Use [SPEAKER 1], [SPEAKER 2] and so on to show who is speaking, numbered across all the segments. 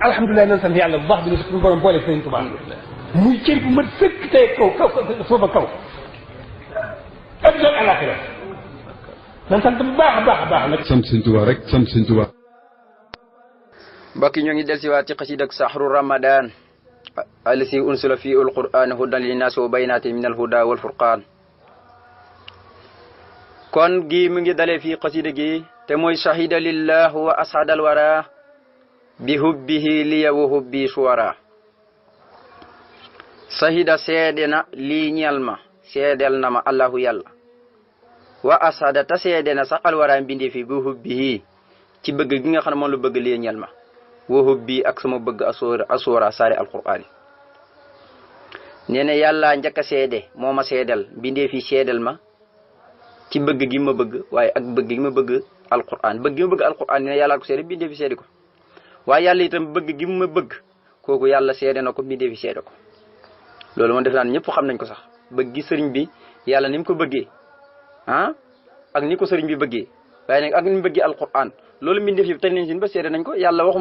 [SPEAKER 1] alhamdulilah nan sant yàlla bu baax bi ne suñu borom boole sëriñ Tuubaa muy cër bu mat sëkk tey kaw kaw suuba kaw adduna ak alaxira nan sant bu baax a baax a baax nag sant sëriñ Tuubaa rek sant sëriñ Tuubaa mbokk yi ñoo ngi delsiwaat ci xasida ak saxru ramadan alisi unsula fi ul quran hudan li naas wa baynaatin min al huda wal furqaan kon gi mi ngi dalee fii xasida gi te mooy shahida lillah wa ashadal wara bi hubbihi liya wa hubbi suwara sahida seede na lii ma seedel na ma allahu yàlla wa asada ta seede na sax alwara mbindi fi bi hubbihi ci bëgg gi nga xam ne moom lu bëgg lii ñeel ma wa hubbi ak sama bëgg asura asura saari alqur'ani nee yàlla njëkk a seede moo ma seedal mbindee ma ci bëgg gi ma bëgg waaye ak bëgg gi ma bëgg alqur'an bëgg gi ma bëgg alqur'an nee na yàlla ko seede mbindee ko waaye yàlla itam bëgg gi mu ma bëgg kooku yàlla seede na ko mbindeef yi seede ko loolu moom defe naa ñëpp xam nañ ko sax bëgg sëriñ bi yàlla ni mu ko bëggee ah ak ni ko sëriñ bi bëggee waaye nag ak ni mu bëggee alquran loolu mbindeef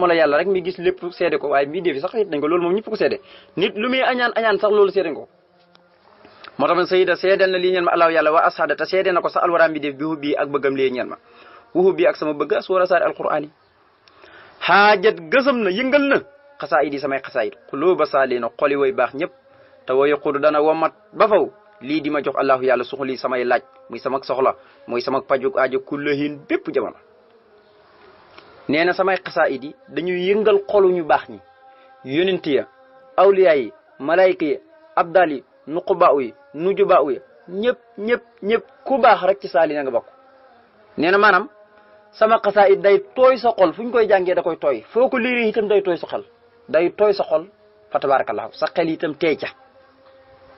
[SPEAKER 1] la yàlla rek mi gis lépp seede ko waaye mbindeef yi sax loolu moom ñëpp ko seede nit lu muy añaan añaan sax loolu seede ko moo tax man sayida seedeel na lii ñeen ma alaaw yàlla waa asxaada te seede na ko sax alwaraam bi def bi hubbi ak bëggam lii ma wuhu bi ak sama bëgg as war a saari alquran xaajat gësam na yëngal na xasaayid idi samay xasaayid xuluuba saaliina xoli way baax ñëpp te way xudu dana womat ba faw lii di ma jox allahu yàlla suxuli samay laaj muy sama soxla mooy muy samak pajuk aajo kullahin bépp jamono nee na samay xasaa idi dañuy yëngal xolu ñu baax ñi yonent ya awliya yi malayka yi abdal yi nuqubaaw yi nujubaaw yi ñëpp ñëpp ñëpp ku baax rek ci saali na nga bokk nee na sama it day tooy sa xol fu ñu koy jàngee da koy tooy foo ko liiree itam day tooy sa xel day tooy sa xol fa tabarakallahu sa xel itam tey ca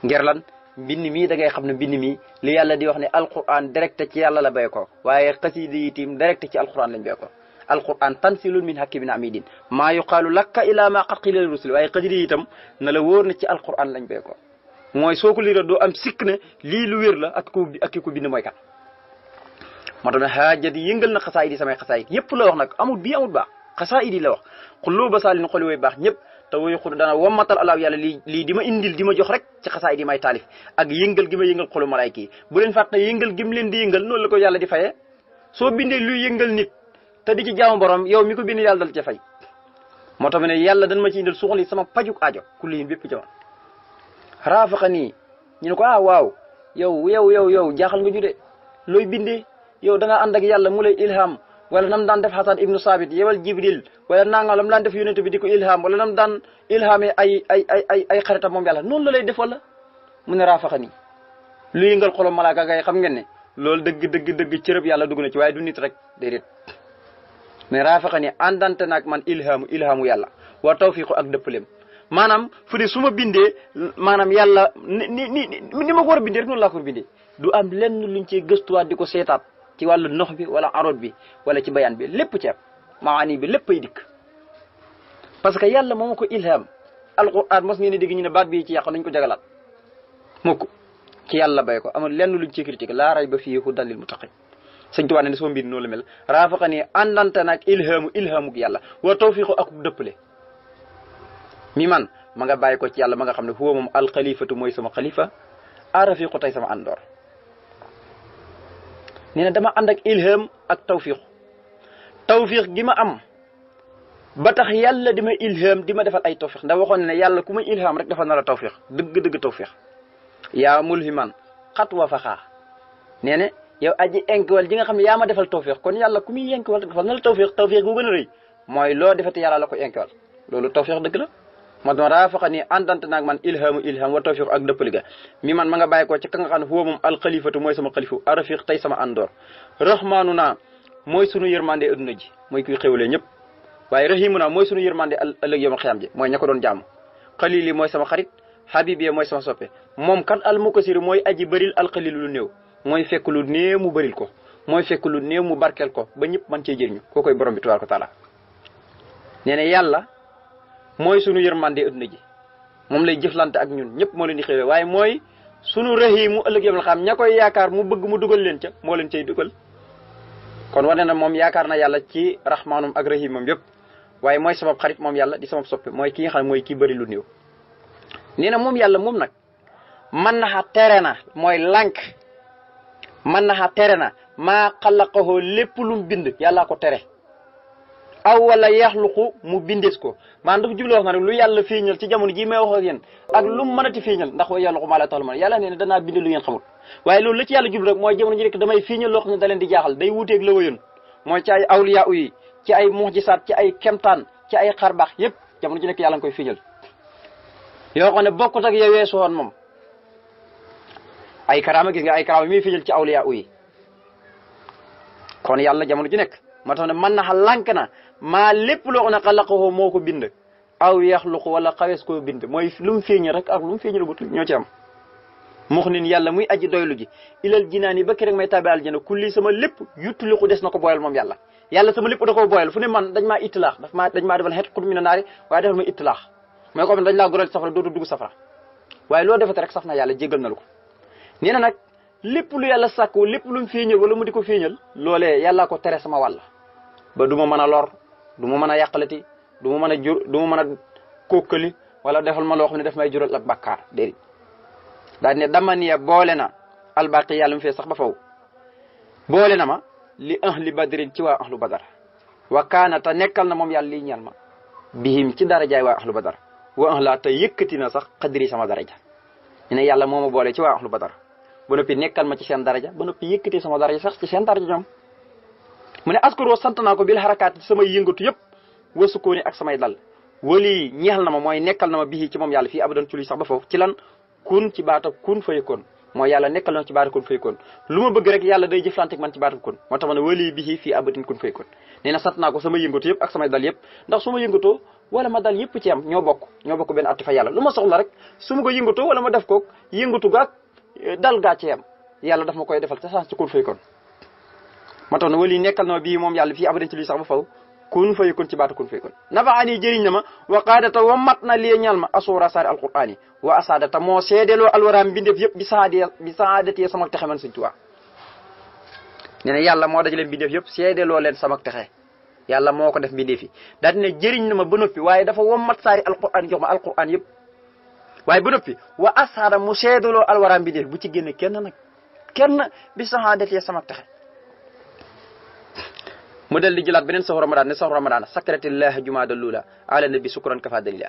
[SPEAKER 1] ngir lan mbind mii da ngay xam ne mbind mi li yàlla di wax ne alquran direct ci yàlla la béy ko waaye xasida yi itam direct ci alquran lañ béy ko si tansilun min hakimin amidin maa yuqaalu lakka ila ma qad qila rusul waaye xasida yi itam na la wóor na ci alquran lañ béy ko mooy soo ko liiree doo am sikk ne la ak ko bind mooy kan moo tax ne a la wax nag amul bii amul baax xasaayid la wax xulloo ba saalin xoli way baax ñëpp yàlla lii ma indil di ma jox rek ci xasaayid yi may taalif ma yëngal xolu la ko yàlla di fayee soo bindee luy yëngal nit te di ci jaamu borom yow mi ko bind yàlla dal ca fay moo indil suxal sama pajuk aajo kulli yin bépp jamono raafaxa nii ñu ne ko ah waaw yow yow yow yow jaaxal nga ñu looy bindee yow da ngaa ànd ak yàlla mu lay ilham wala nam daan def Xasan ibnu Saabit yebal Jibril wala nanga lam daan def yonent bi di ko ilham wala nam daan ilhamee ay ay ay xaritam moom yàlla noonu la lay def wala mu ne raafaxa nii lu yëngal xolom malaaka gay xam ngeen ne loolu dëgg dëgg dëgg cërëb yàlla dugg na ci waaye du nit rek déedéet mais raafaxa nii àndante naag man ilhamu ilhamu yàlla wa tawfiqu ak dëppaleem maanaam fu ne su bindee maanaam yàlla ni ni ni ni ma ko war a bindee rek noonu laa ko bindee du am lenn luñ ci gëstuwaat di ko seetaat ci wàllu nox bi wala arot bi wala ci bayaan bi lépp ceeb maani bi léppay dikk parce que yàlla moom ma ko ilham alquran mos ngeen di dégg ñu ne baat bii ci yàq nañ ko jagalaat mukk ci yàlla bay ko amul lenn luñ ci critique laa ray ba fii hudan lil muttaqin sëñ Tuubaa ne sama mbir noonu la mel raafaqa nii àndante naag ilhamu ilhamu yàlla wa tawfiqu ak dëppale mi man ma nga bàyyi ko ci yàlla ma nga xam ne huwa moom alxalifatu mooy sama xalifa arafiqu tey sama àndoor nee na dama ànd ak ilham ak tawfiq tawfiq gi ma am ba tax yàlla di ma ilham di ma defal ay tawfiq ndax waxoon ne yàlla ku ma ilham rek dafa nar a tawfiq dëgg-dëgg tawfiq yaa mulhiman xat wa faxaa nee na yow aji enkwal ji nga xam ne yaa ma defal tawfiq kon yàlla ku muy enkwal rek dafa nar a tawfiq tawfiq gu gën a rëy mooy loo defati yàlla la ko enkwal loolu tawfiq dëgg la ma doon raafaxa nii àndante naag man ilhamu ilham wa tawfiq ak dëppali ga mi man ma nga bàyyi ko ci ka nga xam ne moom alxalifatu mooy sama xalifu arafiq tey sama àndoor mooy ji mooy kuy ñëpp waaye rahimu naa mooy sunu yërmande ëllëg yoma xiyam ji mooy ña ko doon jàmm xalil yi mooy sama xarit habib yi mooy sama soppe moom kan al mukasir mooy aji bëril alxalil lu néew mooy fekk lu néew mu bëril ko mooy fekk lu néew mu barkeel ko ba ñëpp man cee jëriñu koo koy borom bi tabaaraka taala nee na yàlla mooy sunu yërmande adduna ji moom lay jëflante ak ñun ñëpp moo leen di xéewee waaye mooy sunu rëy mu ëllëg yam la xam ña koy yaakaar mu bëgg mu dugal leen ca moo leen cay dugal kon wane na moom yaakaar na yàlla ci raxmaanum ak rahimam yëpp waaye mooy sabab xarit moom yàlla di sabab soppi mooy ki xam ne mooy kii bëri lu na moom yàlla moom nag man naxa tere na mooy lànk man naxa tere na maa xalaqahoo lépp lu bind yàllaa ko tere aw wala yaxluqu mu bindees ko maanaam dafa jublu wax na rek lu yàlla feeñal ci jamono ji ma wax ak yéen ak lu mu mënati feeñal ndax wa yaxluqu maa ma ta'lamuun yàlla nee na danaa bind lu ngeen xamul waaye loolu la ci yàlla jublu rek mooy jamono ji rek damay feeñal loo xam ne da leen di jaaxal day wuuteeg la ci ay awliya yi ci ay mujisaat ci ay kemtaan ci ay jamono ji nekk yàlla koy feeñal yoo xam ne bokkut ak yow weesu woon moom ay karaama gis nga ay karaama mi feeñal ci awliya yi kon yàlla jamono ji nekk ma tax ne mën na xa lànk na maa lépp loo xam ne xalaqahu moo ko bind aw yaxluqu wala xawees koo bind mooy lu mu feeñ rek ak lu mu feeñal gut ñoo ci am mux yàlla muy aji doylu ji ilal jinaan yi ba ki rek may tabi aljana kulli sama lépp yuttuliku ko boyal moom yàlla yàlla sama lépp da koo boyal fu ne man dañ maa ittilaax daf maa dañ maa defal xet xud mi na naari waaye defal ma ittilaax mooy ko xam ne dañ laa goreel waaye loo defate rek saf na yàlla jégal na lu ko nag lépp lu yàlla sàkk lépp lu mu feeñal wala mu di ko feeñal loolee yàllaa ko tere sama wàll ba du ma mën a lor du ma mën a yàqalati du ma mën a jur du ma mën a kókkali wala defal ma loo xam ne daf may jural ak bakkaar déedéet daal ne damaniya boole na albaqi yàlla mu fee sax ba faw boole na ma li ahli badrin ci waa ahlu badar wa kaana te nekkal na moom yàlla lii ñal ma bihim ci darajaay waa ahlu badar wa ahlaa te yëkkati na sax xadri sama daraja ñu ne yàlla moo ma boole ci waa ba badar ba noppi nekkal ma ci seen daraja ba noppi yëkkati sama daraja sax ci seen daraja ñoom mu ne askuroo sant naa ko bil xarakaat samay yëngatu yëpp wa sukkooni ak samay dal wali ñeexal na ma mooy nekkal na ma bii ci moom yàlla fi abadan ci luy sax ba foofu ci lan kun ci baata kun fayakun mooy yàlla nekkal na ci baata kun fayakun lu ma bëgg rek yàlla day jëflante ak man ci baata kun moo tax ma ne wali bii fii abadan kun fayakun nee na sant naa ko samay yëngatu yëpp ak samay dal yëpp ndax su ma yëngatoo wala ma dal yëpp ci am ñoo bokk ñoo bokk benn atti fa yàlla lu ma soxla rek su ma ko yëngatoo wala ma def ko yëngatu gaak dal gaa ci am yàlla daf ma koy defal te sans ci kun fayakun moo tax ne wali nekkal na ma bii moom yàlla fi abadan ci lii sax ba faw kun fayakun ci baatu kun fayakun nafaani jëriñ na ma wa qaadata wa mat na lee ñal ma asuura saari alquran yi wa asaadata moo seedeloo alwaraam mbindeef yëpp bi saadee bi saadatee sama texe man suñ tuwaa nee na yàlla moo daj leen mbindeef yëpp seedeloo leen sama texe yàlla moo ko def mbindeef yi daa dina jëriñ na ma ba noppi waaye dafa wa mat saari alquran jox ma alquran yëpp waaye ba noppi wa asaada mu seedeloo alwaraam mbindeef bu ci génne kenn nag kenn bi saadatee sama texe mu del di jëlaat beneen saxu ramadan ne saxu ramadan sakratillah jumaada luula ala nabi sukran kafa dalila